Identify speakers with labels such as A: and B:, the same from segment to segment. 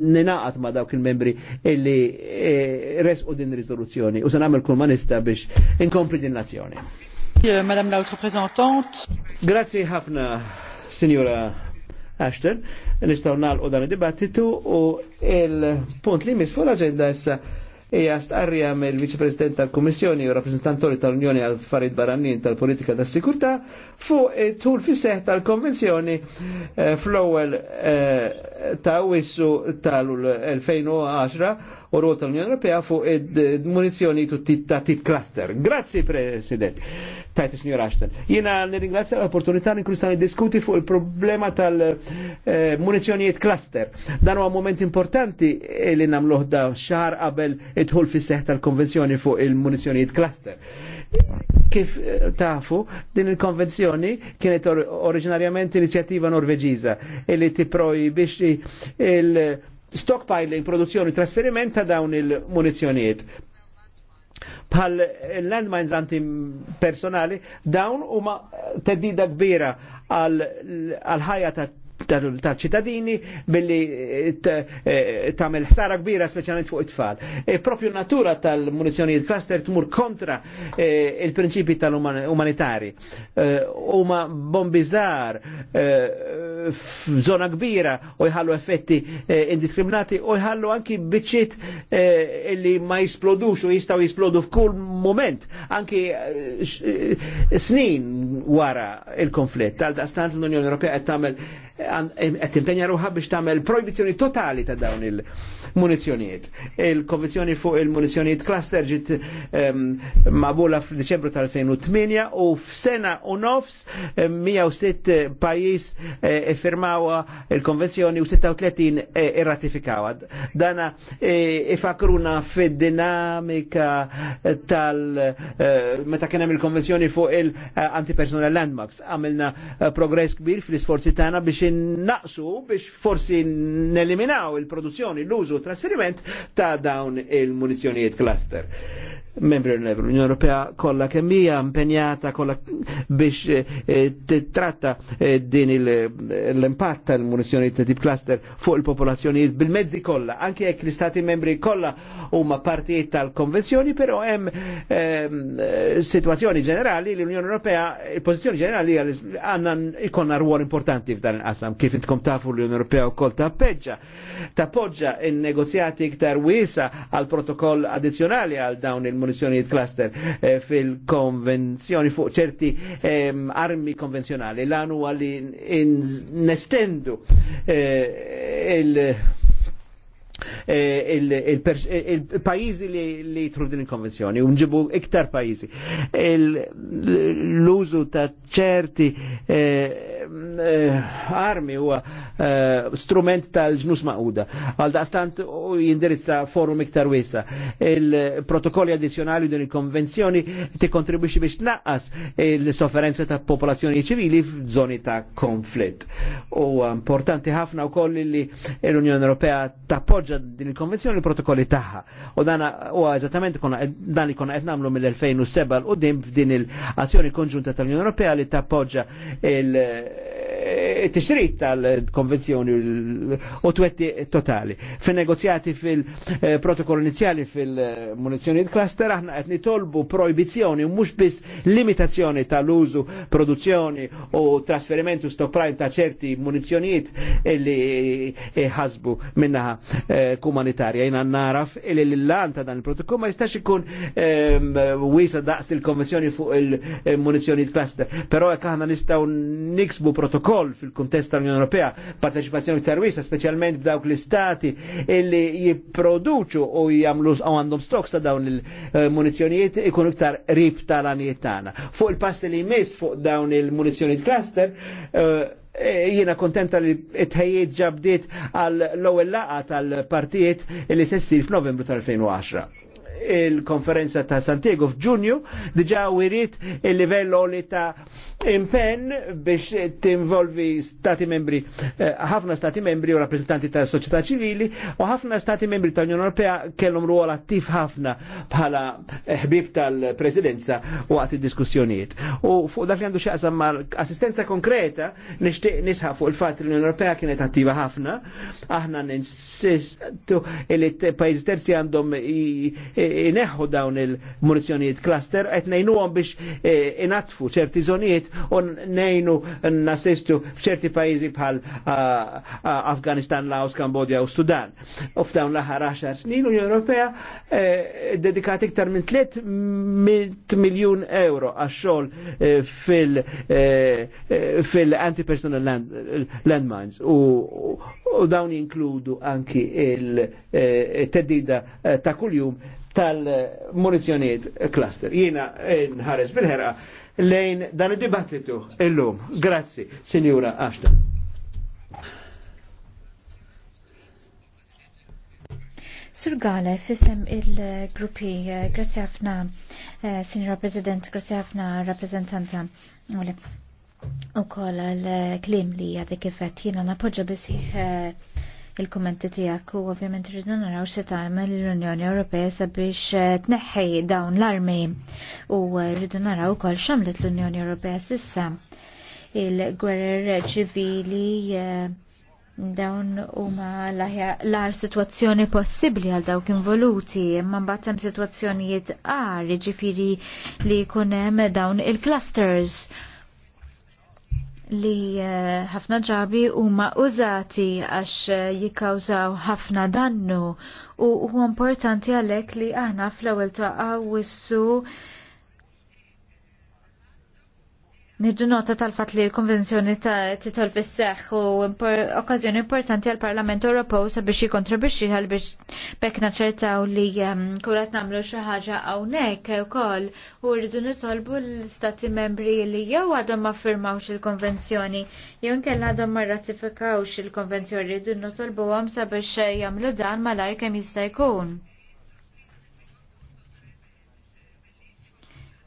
A: ninaqat ma dawk il-membri illi eh, resqu din rizoluzzjoni u se nagħmel kull ma biex inkompli din nazzjoni. Madame la Haute Grazie ħafna, Signora Ashton. Nistgħu nagħlqu dan id-dibattitu u il-punt li misfu l-aġenda issa hija stqarrija mill-Viċi President tal-Kummissjoni u rappresentantori tal-Unjoni għal farid barannin tal-Politika tas sikurta fuq it-tul fis tal-Konvenzjoni eh, fl-ewwel eh, ta' wissu tal-2010 eh, u rol tal-Unjoni Ewropea fuq id-munizjoni ta' tip cluster. Grazzi, President. Tajt signor Ashton. Jena nirringrazzja l-opportunità ninkristan diskuti fuq il-problema tal eh, munizzjonijiet cluster. Dan huwa moment importanti eh, li namluħ da xahar qabel idħol fis-seħ tal-konvenzjoni fuq il munizzjonijiet cluster kif eh, tafu din il-konvenzjoni kienet oriġinarjament inizjattiva norveġiża li tipprojbixxi il- stockpiling, produzzjoni, e trasferiment ta' dawn il-munizjoniet. Bħal landmines anti-personali, dawn huma teddida kbira għal ħajja ta' ta' ċittadini billi eh, eh, tagħmel ħsara kbira speċjalment fuq it-tfal. E, propju natura tal-munizzjonijiet cluster tmur kontra eh, il-prinċipi tal-umanitari. Huma bombizzar f'żona kbira u jħallu effetti indiskriminati u jħallu anki biċċiet illi ma jisplodux u jistgħu jisplodu f'kull moment anki snin wara il-konflitt. tal dastant l-Unjoni Ewropea qed tagħmel qed timpenja ruħha biex tagħmel projbizzjoni totali ta' dawn il-munizzjonijiet. Il-Konvenzjoni fuq il-munizzjonijiet cluster ġiet maqbula f'Diċembru tal-2008 u f'sena u nofs 106 pajjiż e, iffirmawha il-konvenzjoni u 36 e, irratifikawha. Dana e, ifakruna fid-dinamika tal- meta kien hemm il-konvenzjoni fuq il-antipersonal landmarks. Għamilna progress kbir fl-isforzi tagħna biex naqsu biex forsi neliminaw il-produzzjoni, l-użu, trasferiment ta' dawn il-munizjonijiet cluster membri l-Unjoni Ewropea kollha kemm hija impenjata kollha biex eh, eh, titratta eh, din l-impatt tal-munizzjoni ta' tip cluster fuq il-popolazzjonijiet bil-mezzi kollha, anke jekk l-istati membri kollha huma partijiet tal-konvenzjoni, però hemm ehm, situazioni ġenerali li l-Unjoni Ewropea, il-pożizzjoni ġenerali għandna ikonna rwol importanti f'dan il-qasam kif intkom tafu l-Unjoni Ewropea wkoll tappeġġa tappoġġa in-negozjati iktar wiesa għal protokoll addizzjonali għal dawn il munizzjonijiet cluster eh, fil-konvenzjoni fuq ċerti armi konvenzjonali. L-għanu għalli nestendu eh, il- Eh, il-pajizi eh, li jitru din il-konvenzjoni, unġibu iktar pajizi. L-użu ta' ċerti eh, armi u strument tal-ġnus maquda. Għal daqstant jindirizza forum iktar wisa. Il-protokolli addizjonali din il-konvenzjoni ti kontribuċi biex naqqas il-sofferenza ta' popolazzjoni ċivili f'żoni ta' konflitt. U importanti ħafna u koll li l-Unjoni Ewropea tappoġġa ħarġa din il-konvenzjoni l-protokolli taħħa. U dan u eżattament dan li konna qed nagħmlu mill-2007 u qudiem f'din il-azzjoni konġunta tal-Unjoni Ewropea li tappoġġa il- tixrit tal-konvenzjoni u twetti totali. Fin-negozjati fil-protokoll eh, inizjali fil-munizzjoni eh, cluster aħna qed nitolbu proibizjoni u mhux biss limitazzjoni tal-użu, produzzjoni u trasferimentu stockpile ta' ċerti munizzjonijiet li ħasbu minna eh, kumanitarja. Jina naraf il l lanta dan il-protokoll ma jistax ikun ehm, wisa daqs il-konvenzjoni fuq il-munizzjonijiet cluster. Però jekk aħna nistgħu niksbu protokoll wkoll fil-kuntest tal-Unjoni Ewropea parteċipazzjoni terwisa, speċjalment b'dawk l-istati illi jipproduċu u jagħmlu u għandhom stoks ta' dawn il-munizzjonijiet ikunu iktar rib tal anijiet tagħna. Fuq il pass li jmiss fuq dawn il-munizzjonijiet cluster, eh, eh, jiena kontenta li tħejjiet ġabdiet għal l-ewwel laqgħa tal-partijiet li se ssir f'Novembru tal-2010 il-konferenza ta' Santiago f'Ġunju diġa wirit il-livell li ta' impen biex tinvolvi stati membri, eh, ħafna eh, stati membri u rappresentanti ta' soċjetà ċivili u ħafna stati membri tal-Unjoni Ewropea kellhom ruol attiv ħafna bħala ħbib tal-presidenza waqt id-diskussjonijiet. U fuq dak li għandu xaqsam mal assistenza konkreta nixtieq nisħaq fuq il-fatt li l Ewropea kienet attiva ħafna, aħna ninsistu li t-pajjiżi terzi għandhom ineħħu dawn il-munizzjonijiet cluster qed ngħinuhom biex e, inatfu ċerti żonijiet u ngħinu nasistu f'ċerti pajjiżi bħal Afganistan, Laos, Kambodja u Sudan. U f'dawn l-aħħar 10 snin l-Unjoni Ewropea e, dedikat iktar minn 3 miljun euro għax-xogħol e, antipersonal landmines u dawn jinkludu anki il-teddida ta' kuljum tal-munizjoniet cluster. Jiena nħares bil-ħera lejn dan id-dibattitu illum. Grazzi, Signora Ashton.
B: Sur Gale, fissem il-gruppi, eh, grazzi ħafna, eh, Signora President, grazzi ħafna rappresentanta. U kol l-klim li għadek kifet jina napoġa bisih eh, il-kommenti tijak u ovvjament rridu naraw xe tagħmel l-Unjoni Ewropea sabiex eh, tneħħi dawn l-armi u eh, rridu naraw ukoll xamlet l-Unjoni Ewropea sissa il-gwerer ċivili eh, dawn huma l-ar situazzjoni possibbli għal dawk involuti, imma mbagħad hemm sitwazzjonijiet għar, jiġifieri li jkun hemm dawn il-clusters. il clusters li eh, ħafna drabi huma użati għax eh, jikkawżaw ħafna dannu u huwa importanti għalhekk li aħna fl-ewwel taqgħu wissu Nirdu nota tal-fat li l-konvenzjoni ta' titol fis-seħħ u okkażjoni importanti għal Parlament Ewropew sabiex jikontribwixxi għal biex bekk naċċertaw li ehm, kurat nagħmlu xi ħaġa hawnhekk ukoll u rridu nitolbu l-istati membri li jew għadhom ma firmawx il-konvenzjoni jew inkella għadhom ma rratifikawx il-konvenzjoni rridu nitolbuhom sabiex jagħmlu dan malajr kemm jista' jkun.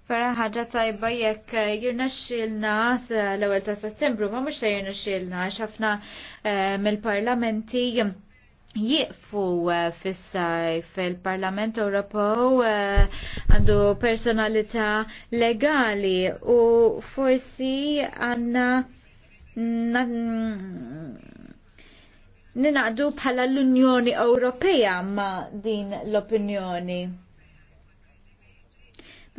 B: Fara ħaġa tajba jekk eh, jirna xilna eh, l ewwel ta' settembru, ma mux ta' jirna xilna, xafna eh, mill-parlamenti jieqfu fis-sajf il-Parlament Ewropew għandu personalità legali u forsi għanna ninaqdu bħala l-Unjoni Ewropea ma' din l-opinjoni.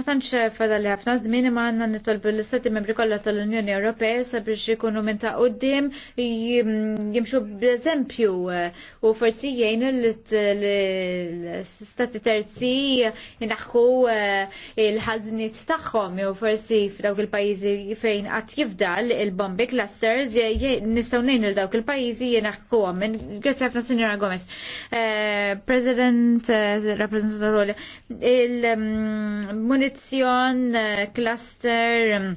B: Ma tantx fada li ħafna żmien imma għandna nitolbu l-Istati Membri kollha tal-Unjoni Ewropea sabiex ikunu minn ta' quddiem jimxu b'eżempju eh, u forsi jgħinu l istati Terzi jinaħħu eh, il-ħażniet tagħhom jew forsi f'dawk il-pajjiżi fejn qatt jifdal il-bombi clusters nistgħu ngħinu l dawk il-pajjiżi jinaħħuhom. Grazzi ħafna Sinjora Gomez. Eh, President, rappresentant il-Munit mm, kompetizzjon, eh, cluster, mm,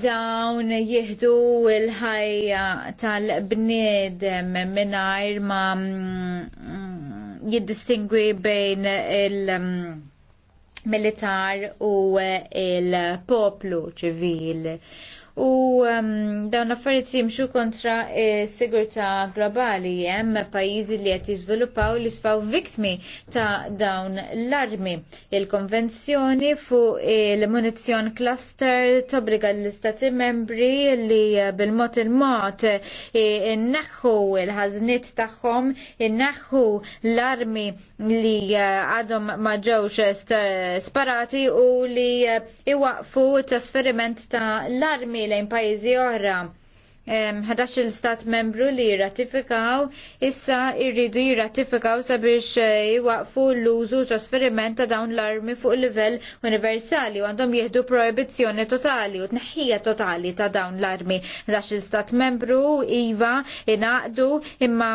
B: dawn jihdu il ħajja tal-bniedem minnajr ma mm, jiddistingwi bejn il-militar mm, u eh, il-poplu ċivili u ehm, dawn l-affarijiet jimxu kontra s-sigurtà globali hemm pajjiżi li qed jiżviluppaw li spaw viktmi ta' dawn l-armi. Il-konvenzjoni fuq il-munizzjon cluster tobriga l-istati membri li bil-mod il-mod inneħħu il-ħażniet tagħhom, inneħħu l-armi li għadhom ma ġewx sparati u li iwaqfu t trasferiment ta' l-armi lejn pajjiżi oħra. Ħadax il-stat membru li jirratifikaw, issa irridu jirratifikaw sabiex jwaqfu eh, l-użu trasferiment ta' dawn l-armi fuq livell universali u għandhom jieħdu proibizzjoni totali u tneħħija totali ta' dawn l-armi. Ħadax il-stat membru, iva, inaqdu, imma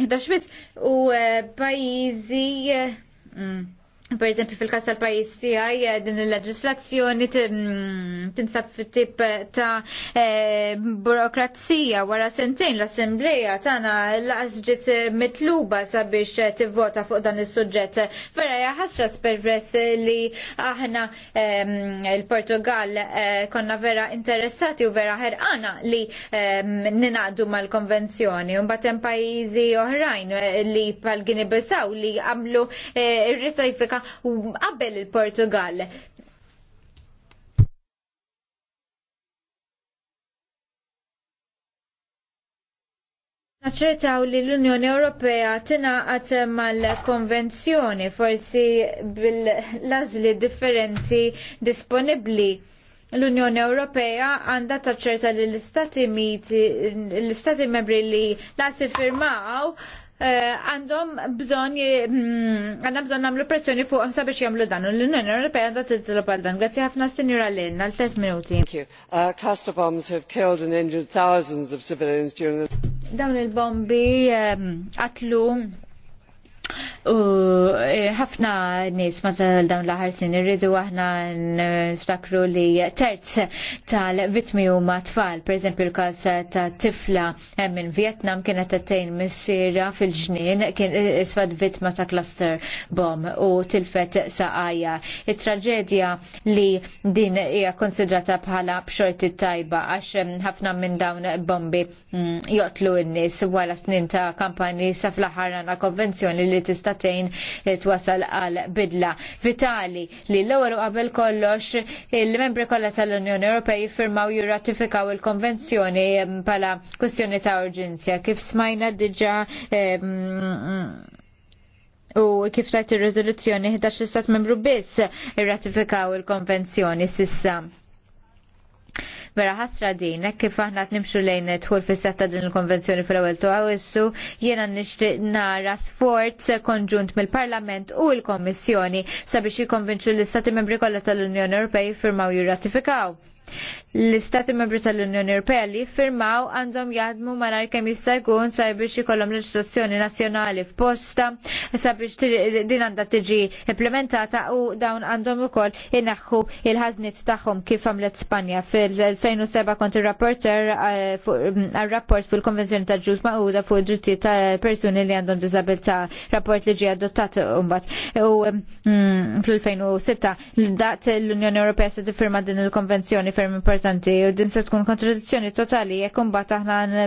B: 11 mm, u eh, pajizi eh, mm. Per eżempju, fil-kas tal-pajis tiegħi eh, din il-leġislazzjoni mm, tinsab fit-tip eh, ta' eh, burokrazija wara sentejn l-assembleja tagħna laqas ġiet mitluba sabiex tivvota fuq dan is-suġġett. Vera jaħasxa peress li aħna ehm, il-Portugal konna vera interessati u vera ħerqana li ehm, ninaqdu mal-konvenzjoni. U mbagħad hemm pajjiżi oħrajn li bħal Gini Bisaw li għamlu ir ritifika qabel il-Portugal. Naċċertaw li l-Unjoni Ewropea tingħaqad mal-konvenzjoni forsi bil-lażli differenti disponibbli. L-Unjoni Ewropea għandha taċċerta li l-Istati membri li lasi firmaw Eh, għandhom bżon mm, għandna bżon namlu pressjoni fuqhom sabiex jagħmlu dan l-Unjoni Ewropea għandha titlob għal dan. Grazzi ħafna Sinjura Lin għal tliet minuti.
A: Uh, cluster bombs have killed and injured thousands of civilians
B: during the Dawn il-bombi ehm, qatlu uh, ħafna nies ma dawn l-aħħar sin irridu aħna nftakru li terz tal-vitmi huma tfal, eżempju l-każ ta' tifla minn Vietnam kienet attejn missira fil-ġnien kien isfad vittma ta' cluster bomb u tilfet saqajja. It-traġedja li din hija konsidrata bħala b'xorti tajba għax ħafna minn dawn bombi mm, joqtlu n-nies wara snin ta' kampanji sa fl-aħħar konvenzjoni li tista' tgħin wasal għal bidla vitali li l-ewwel qabel kollox il-membri kollha tal-Unjoni Ewropea jiffirmaw jirratifikaw il-konvenzjoni pala kwestjoni ta' urġenzja kif smajna diġà u kif tajt ir-riżoluzzjoni 11 stat membru biss irratifikaw il-konvenzjoni sissa. Mera ħasra din, kif aħna nimxu lejn tħul fis setta din il-konvenzjoni fil ewwel tuħawissu, jiena nixtieq nara sforz konġunt mill-Parlament u l-Kommissjoni sabiex jikkonvinċu l-Istati Membri kollha tal-Unjoni Ewropej firmaw jirratifikaw. L-Istati Membri tal-Unjoni Ewropea li firmaw għandhom ma malar kemm jista' jkun sabiex ikollhom leġislazzjoni nazzjonali f'posta sabiex din għandha tiġi implementata u dawn għandhom ukoll inaħħu il-ħażniet tagħhom kif għamlet Spanja. Fil-2007 kont ir-rapporter eh, mm, għar rapport fil-Konvenzjoni tal Ġuż Maquda fuq id-drittijiet tal-persuni li għandhom diżabilità, rapport li ġie adottat mbagħad. U mm, fl-2006 daqt l-Unjoni Ewropea se tiffirma din il-konvenzjoni ferm importanti u din se tkun kontradizzjoni totali jekk imbagħad aħna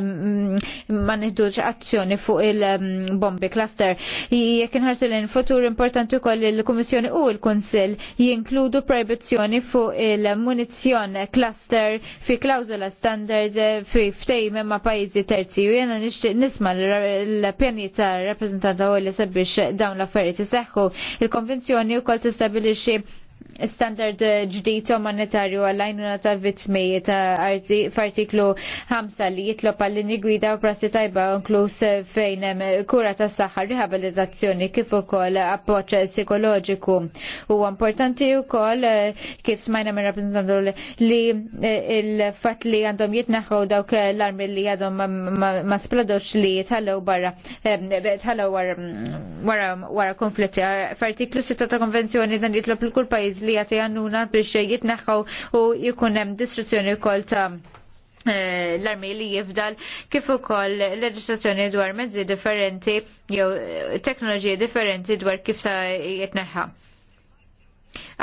B: ma nieħdux azzjoni fuq il-bombi cluster. Jekk inħarsil in futur importanti wkoll il-Kummissjoni u l-Kunsill jinkludu proibizzjoni fuq il-munizzjon cluster fi klawżola standard fi ftejm ma' pajjiżi terzi u jena nixtieq nisma' l-pjani tar rappreżentanta u li sabiex dawn l-affarijiet iseħħu. Il-konvenzjoni wkoll tistabilixxi standard ġdijt monetarju għallajnuna ta' vitmi ta' f'artiklu 5 li jitlob għall gwida u prassi tajba unklus fejn kura ta' saħħa rehabilitazzjoni kif ukoll appoċ psikoloġiku. U importanti wkoll kif smajna minn rappresentantu li eh, il-fatt li għandhom jitnaħħu dawk l-armi li għadhom ma spladoċ li eh, tħallew barra tħallew wara konflitti. F'artiklu 6 ta' konvenzjoni dan jitlob il-kull pajjiż li jati għannuna biex jitneħħaw u jkun hemm distruzzjoni wkoll ta' eh, l-armi li jifdal kif ukoll leġislazzjoni dwar mezzi differenti jew teknoloġiji differenti dwar kif sa jitneħħa.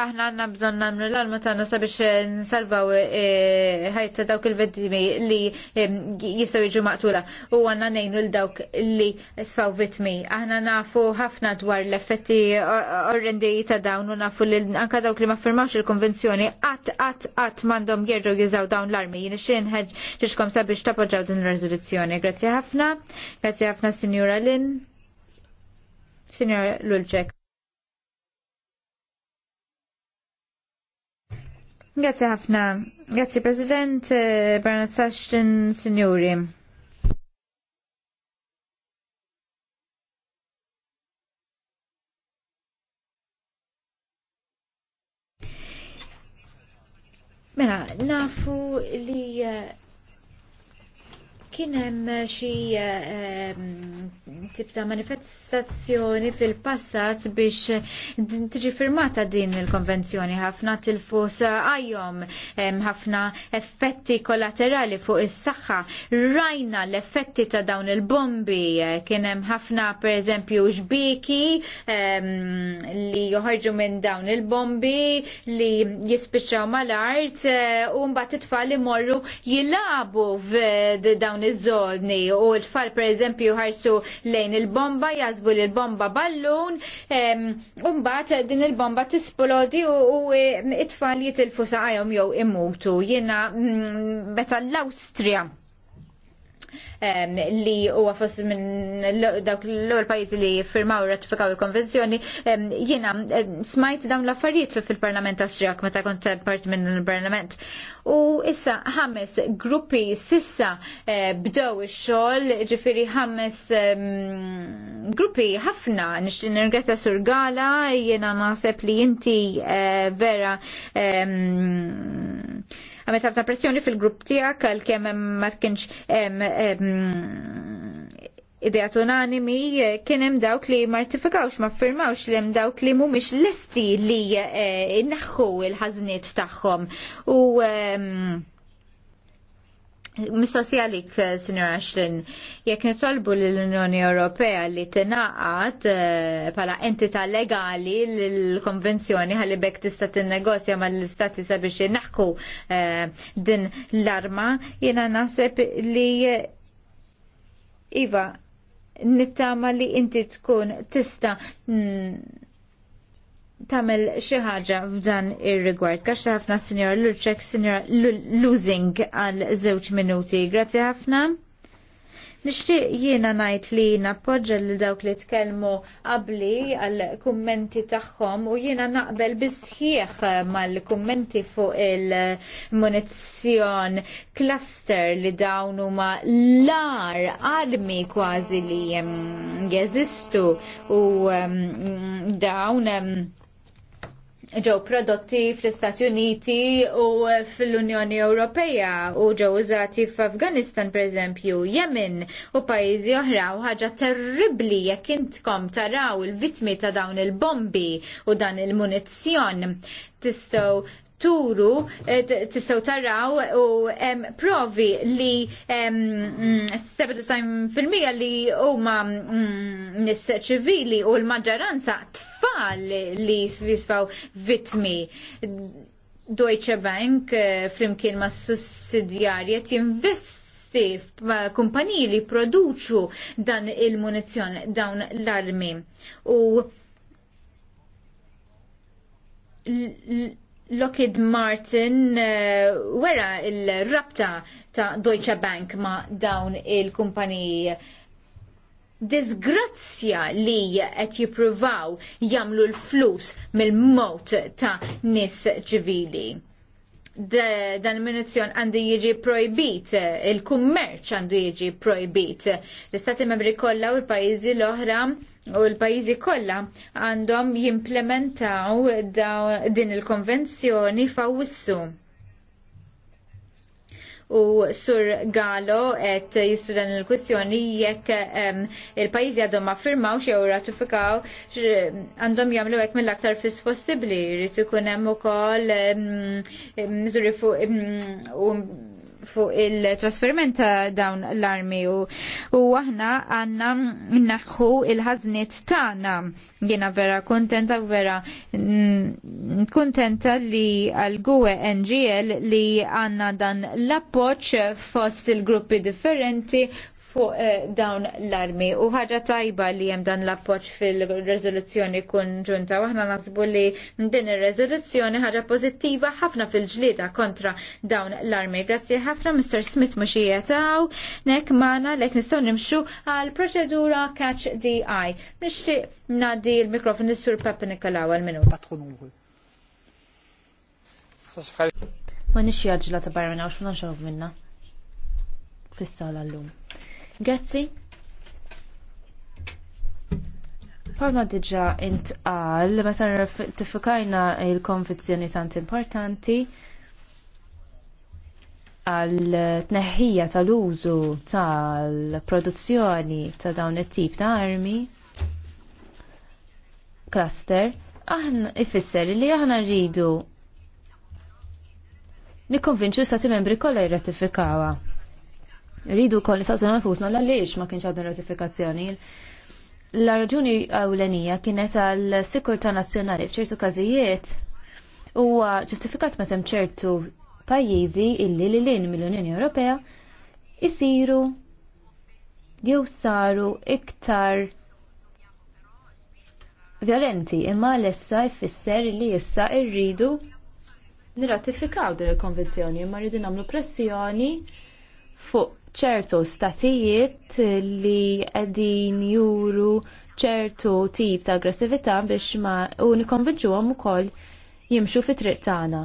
B: Aħna għanna bżon namlu l-alma tagħna sabiex eh, nsalvaw eh, ħajta dawk il-vittimi li eh, jistgħu jiġu maqtura u għanna ngħinu l dawk li sfaw vittmi. Aħna nafu ħafna dwar l-effetti orrendi ta' dawn u nafu li anka dawk li ma firmawx il-konvenzjoni qatt għat għat m'għandhom jerġgħu jizaw dawn l-armi. Jien ħed ġiġkom sabiex tappoġġaw din ir-riżoluzzjoni. Grazzi ħafna. Grazzi ħafna Signora Lin. Signora Lulczek. Grazie ħafna. Grazie President eh, Bernard Sashton, Signori. Mela, nafu li eh, Kien hemm xi eh, tip ta' manifestazzjoni fil-passat biex tiġi firmata din il-konvenzjoni ħafna tilfus għajjom ħafna effetti kollaterali fuq is-saħħa. Rajna l-effetti ta' dawn il-bombi kien hemm ħafna pereżempju xbiki li joħorġu minn dawn il-bombi li jispiċċaw mal-art eh, u mbagħad it-tfal imorru jilabu f'dawn iż żolni u l-tfal pereżempju ħarsu lejn il-bomba jazbu l bomba ballun u mbagħad din il-bomba tisplodi u e, it-tfal jitilfu saqajhom jew imutu. Jiena mm, meta l-Awstrija li huwa fost minn dawk l-ewwel pajjiżi li firmaw ratifikaw il-konvenzjoni, jiena smajt dawn l-affarijiet fil-Parlament Awstrijak meta kont part minn il-Parlament. U issa ħames gruppi sissa eh, bdew ix-xogħol, ġifieri ħames gruppi ħafna nixtieq nirgrazzja Sur Gala, jiena naħseb li inti eh, vera għamil tabta pressjoni fil-grupp tijak għal-kem ma kienx idea unanimi kienem dawk li martifikawx, ma firmawx li hemm dawk li mhumiex lesti li eh, innaħħu il-ħażniet tagħhom. U Mistoqsi għalik, eh, Sr. Ashton, jekk nitolbu l-Unjoni Ewropea li tinaqat pala eh, entità legali l-konvenzjoni ħalli bekk tista' tinnegozja mal-istati sabiex naħku eh, din l-arma, jiena naħseb li Iva, nittama li inti tkun tista' mm, tamel xi ħaġa f'dan ir-rigward. ta' ħafna Sinjor Lurċek, Sinjor Losing għal żewġ minuti. Grazzi ħafna. Nixtieq jiena ngħid li nappoġġa lil dawk li tkellmu qabli għal kummenti tagħhom u jiena naqbel bisħieħ mal-kummenti fuq il-munizzjon cluster li dawn huma lar armi kważi li jeżistu u um, dawn um, ġew prodotti fl-Istati Uniti u fl-Unjoni Ewropea u ġew użati f'Afganistan pereżempju, Yemen u pajjiżi oħra u ħaġa terribbli jekk intkom taraw il-vittmi ta' dawn il-bombi u dan il-munizzjon tistgħu turu eh, tistaw taraw u provi li filmija mm, li huma mm, nis ċivili u l-maġġoranza tfal li jisfaw vitmi. Deutsche Bank eh, flimkien ma' sussidjarjet jinvesti f'kumpaniji li produċu dan il-munizzjon dawn l-armi. U Lockheed Martin uh, wera il-rabta ta' Deutsche Bank ma' dawn il-kumpaniji disgrazzja li qed jippruvaw jagħmlu l-flus mill-mot ta' nis ċivili dan il-munizzjon għandu jiġi projbit, il-kummerċ għandu jiġi projbit. L-istati membri kollha u l-pajjiżi l-oħra u l-pajjiżi kollha għandhom jimplementaw din il-konvenzjoni fawissu u Sur Galo et jistudan il-kwistjoni jekk il-pajizi għadhom affirmaw xie u ratifikaw għandhom jagħmlu hekk mill-aktar fis possibbli. Jrid ikun hemm ukoll miżuri fuq fuq il-trasferiment ta' dawn l-armi u aħna għanna naħħu il-ħaznit tagħna. Jiena vera kontenta vera mm, kontenta li għal gwe NGL li għanna dan l-appoċ fost il-gruppi differenti fuq eh, dawn l-armi u ħaġa tajba li hemm dan l-appoġġ fil-reżoluzzjoni kunġunta ġunta. aħna naħsbu li din ir-reżoluzzjoni ħaġa pożittiva ħafna fil-ġlieda kontra dawn l-armi. Grazzi ħafna Mr. Smith mhux jetaw nek magħna lek nistgħu nimxu għal proċedura catch DI. Nixtieq ngħaddi l-mikrofon lis-Sur Papa Nikolaw għal minut. Ma nixxi ġila ta' barra minna, għax ma nxof minna. Fissa l-lum.
C: Grazzi. Palma diġa intqal, meta tifukajna il-konvenzjoni tant importanti għal tneħħija tal-użu tal-produzzjoni ta' dawn it-tip ta' armi cluster, aħna ifisser li aħna rridu nikkonvinċu stati membri kollha jirratifikawha. Ridu kol nistaqsu nafusna l-għaliex ma kienx għadna ratifikazzjoni. L-raġuni għawlenija kienet għal sikurta nazzjonali f'ċertu każijiet huwa ġustifikat meta ċertu pajjiżi illi li lin mill-Unjoni Ewropea isiru jew saru iktar violenti imma l-essa jfisser li issa irridu nirratifikaw din il-konvenzjoni imma rridu nagħmlu pressjoni fuq ċertu statijiet li qegħdin juru ċertu tip ta' aggressività biex ma u nikonvinċuhom ukoll jimxu fi triq tagħna.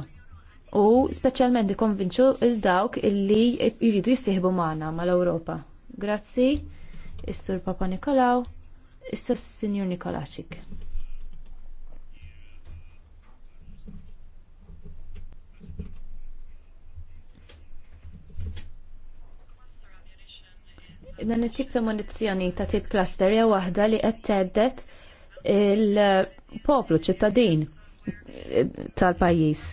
C: U speċjalment ikonvinċu il dawk illi jridu jissieħbu magħna mal-Ewropa. Grazzi, is-Sur Papa Nikolaw, istur sur Sinjur dan it-tip ta' munizzjoni ta' tip cluster hija waħda li qed teddet il-poplu ċittadin tal-pajjiż.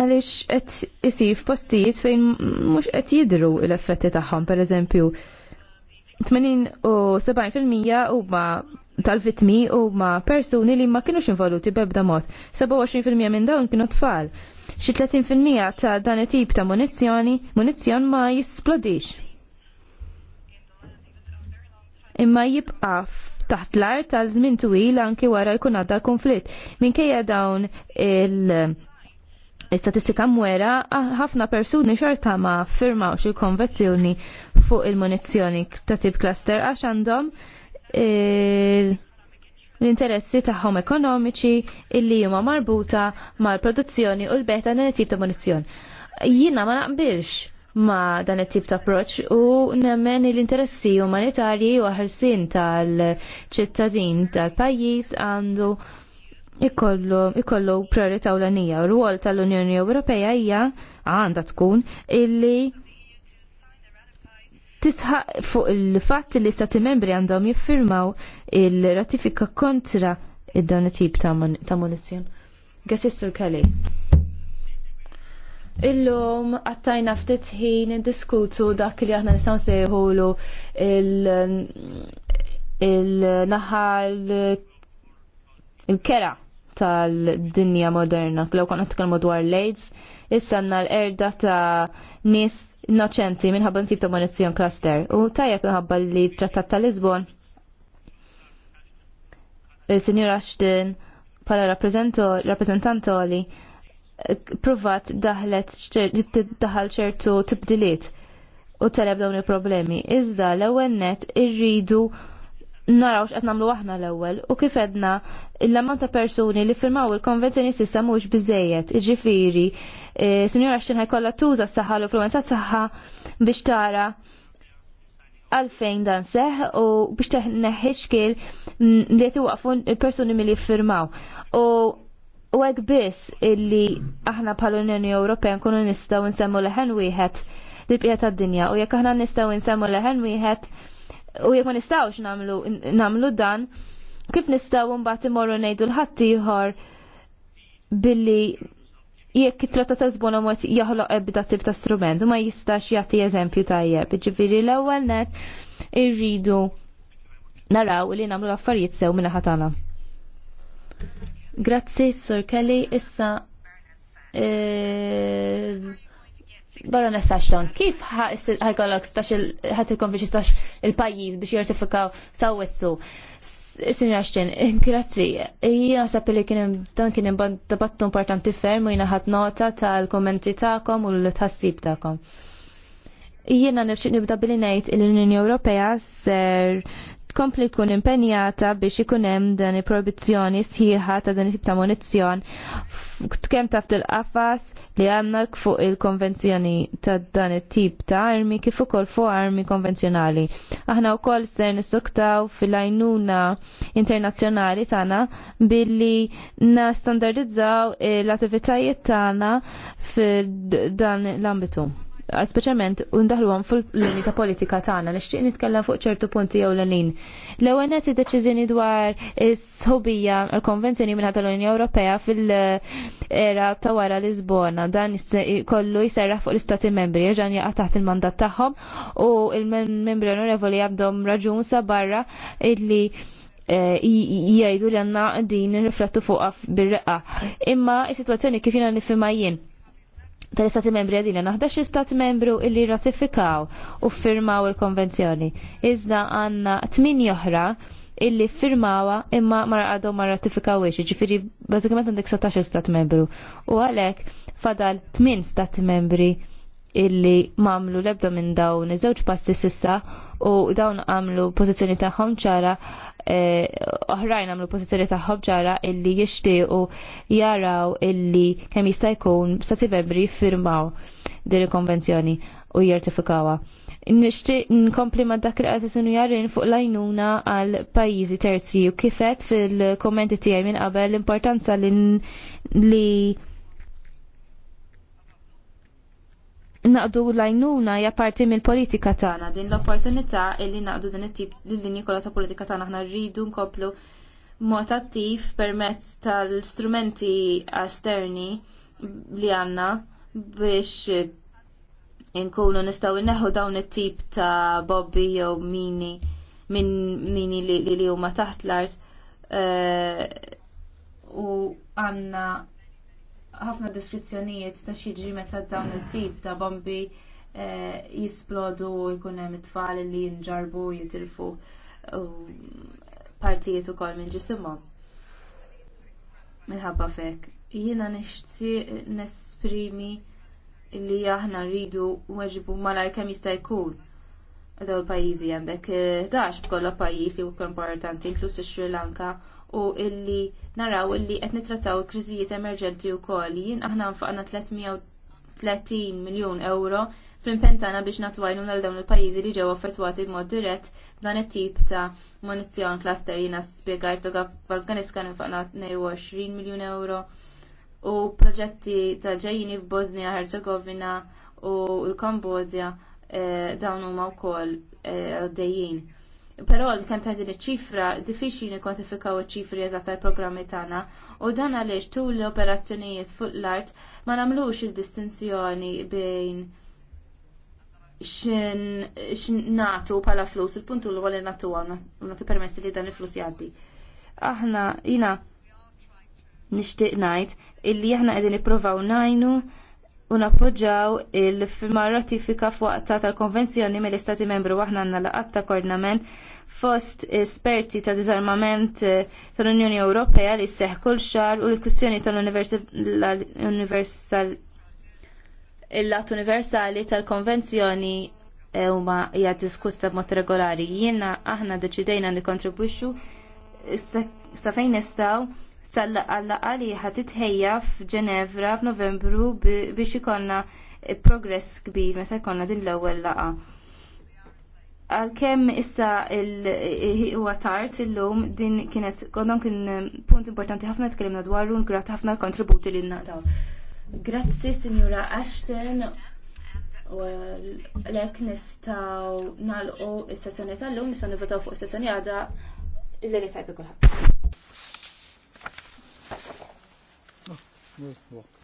C: Għaliex qed isir f'postijiet fejn mhux qed jidru l-effetti tagħhom, pereżempju 80 u 70% huma tal-vitmi huma persuni li ma kienux involuti b'ebda mod. 27% minn dawn kienu tfal. Xi 30% ta' dan it-tip ta' munizzjoni, munizzjon ma jisplodix imma jibqa taħt l-art tal żmien twil anki wara jkun għadda konflitt. Minkejja dawn il- Istatistika mwera, ah, ħafna persuni xorta ma firmawx il-konvenzjoni fuq il-munizzjoni ta' tip cluster għax għandhom l-interessi tagħhom ekonomiċi illi huma marbuta mal-produzzjoni u l-beta tip ta' munizzjoni. Jina ma naqbilx ma dan it-tip ta' approċ u nemmen l-interessi umanitarji u ħarsin tal-ċittadin tal-pajjiż għandu ikollu priorità U l rwol tal-Unjoni Ewropea hija għandha tkun illi tisħaq fuq il-fatt li stati membri għandhom jiffirmaw il-ratifika kontra id-dan it-tip ta' munizzjon. Gassistur Kelly. Illum għattajna ftit ħin indiskutu dak li aħna nistgħu nsejħulu il-naħal il-kera tal-dinja moderna. Law kont nitkellmu dwar l-AIDS, issa l-erda ta' nies innoċenti minħabba ntib ta' munizzjon cluster. U tajjeb minħabba li trattat ta' Lisbon. il Ashton pala rappresentantoli provat daħlet daħal ċertu tibdiliet u teleb dawn il-problemi. Iżda l-ewwel net irridu naraw x'qed nagħmlu aħna l-ewwel u kif edna l-ammont ta' persuni li firmaw il-konvenzjoni s'issa mhux biżejjed, jiġifieri Sinjora Xtin ħajkollha tuża s-saħħa l-influenza saħħa biex tara għalfejn dan seħ u biex teħneħħi xkil li jtiwaqfu il-persuni mill-li firmaw. U U għek biss illi aħna bħal Unjoni Ewropea nkunu nistaw nsemmu leħen wieħed li bqija tad-dinja u jekk aħna nistaw nsemmu leħen wieħed u jekk ma nistawx namlu dan, kif nistaw mbagħad imorru ngħidu l-ħadd ieħor billi jekk it-tratta ta' żbona mod jaħloq ebda tip ta' strument u ma jistax jagħti eżempju tajjeb. Ġifieri l-ewwel net irridu naraw li nagħmlu affarijiet sew minn ħatana. Grazzi, Sur Kelly. Issa, e, Baronessa Ashton, kif ħajkollok stax ħatilkom biex stax il-pajjiż biex jertifikaw sawessu? Sinja Ashton, grazzi. Ija sab li kienem dan kien dabattu importanti ferm u jina ħat nota tal-kommenti tagħkom u l-tħassib tagħkom jiena nibda billi ngħid li unjoni Ewropea ser tkompli tkun impenjata biex ikun hemm dan il-proibizzjoni sħiħa ta' dan it-tip ta' munizzjon kemm taf il-qafas li għandna fuq il-konvenzjoni ta' dan it-tip ta' armi kif ukoll fuq armi konvenzjonali. Aħna wkoll ser nissuktaw fil-għajnuna internazzjonali tagħna billi standardizzaw l-attivitajiet tagħna f'dan l-ambitu speċjalment undaħluhom fil-linji ta' politika tagħna nixtieq nitkellem fuq ċertu punti jew lenin. L-ewwel qed id-deċiżjoni dwar is-sħubija l-Konvenzjoni minn tal-Unjoni Ewropea fil-era ta' wara Lisbona dan kollu jserraħ fuq l-Istati Membri ġan jaqa' taħt il-mandat tagħhom u il-membri onorevoli għandhom raġun sa barra illi eh, jgħidu li għanna din riflettu fuqa bil-reqqa. Imma is-situazzjoni kif jina nifhimha jien tal-istati membri għadina naħdax istat membru illi ratifikaw u firmaw il-konvenzjoni. Iżda għanna 8 oħra illi firmawa imma mar għadhom ma ratifikawiex, ġifiri bazzikament għandek 17 stat membru. U għalek fadal 8 stat membri illi mamlu lebda minn dawn iż-żewġ passi sissa u dawn għamlu pożizzjoni tagħhom ċara Eh, oħrajn għamlu pozizjoni tagħhom ġara illi jixtiequ jaraw illi kemm jista' jkun stati membri jiffirmaw din il-konvenzjoni u jertifikawa. Nixtieq nkompli ma dak li qed isinu jarin fuq lajnuna għal pajjiżi terzi u kifet fil-kommenti tiegħi minn qabel l-importanza li naqdu lajnuna ja parti mill-politika tagħna din l-opportunità illi naqdu din it-tip l-linji kollha ta' politika tagħna aħna rridu nkomplu mod attiv permezz tal-strumenti esterni li għandna biex inkunu nistgħu inneħħu dawn it-tip ta' bobbi jew mini minn mini li huma taħt l-art eh, u għandna ħafna deskrizzjonijiet ta' xiġri meta dawn it-tip ta' bombi eh, jisplodu jkun hemm it-tfal li jinġarbu jitilfu partijiet ukoll minn ġisimhom. Minħabba fek. Jiena nixtieq nesprimi li aħna rridu weġibu malar kemm jista' jkun. Daw il-pajjiżi għandek 11 eh, b'kollha pajjiż li wkoll importanti, inkluż Sri Lanka u illi naraw illi qed nitrattaw kriżijiet emerġenti wkoll. Jien aħna nfaqna 330 miljun euro fl-impentana biex natwajnu għal dawn il-pajjiżi li ġew affettwati b'mod dirett dan it-tip ta' munizzjon cluster jiena spjegajt f'Afganistan nfaqna 22 miljun euro u proġetti ta' ġejjini f'Bosnia Herzegovina u l-Kambodja eh, dawn huma wkoll eh, dejjin. Però l kant għandin iċ-ċifra diffiċli nikkontifikaw iċ-ċifri eżatt tal-programmi tagħna u dan għaliex tu l-operazzjonijiet fuq l-art ma nagħmlux id-distinzjoni bejn xin natu pala flus, il-puntu l għolli natu għana, natu permessi li dan il-flus jaddi. Aħna, jina, nishtiq najt, illi aħna għedin i-provaw najnu u nappoġġaw il-firma ratifika fuqta tal-konvenzjoni mill-Istati membru waħna għandna laqat ta' koordinament fost esperti ta' disarmament eh, tal-Unjoni Ewropea li seħ kull xar u l-kussjoni tal-universal il-lat universali tal-konvenzjoni eh, huma hija diskussa b'mod regolari. Jiena aħna deċidejna li kontribwixxu sa fejn nistgħu tal-laqqa li ħat f'Ġenevra f'Novembru biex ikonna progress kbir meta jkollna din l-ewwel laqgħa. Għalkemm issa huwa tard illum din kienet għandhom kien punt importanti ħafna tkellimna dwaru ngrat ħafna kontributi li nataw. Grazzi Sinjura Ashton Għalhekk nistgħu nistaw nalqu is-sessjoni tal-lum nistgħu nivvotaw fuq is-sessjoni għada il-lejli tajbi kulħadd.
A: Oh, hm, walk. Hm.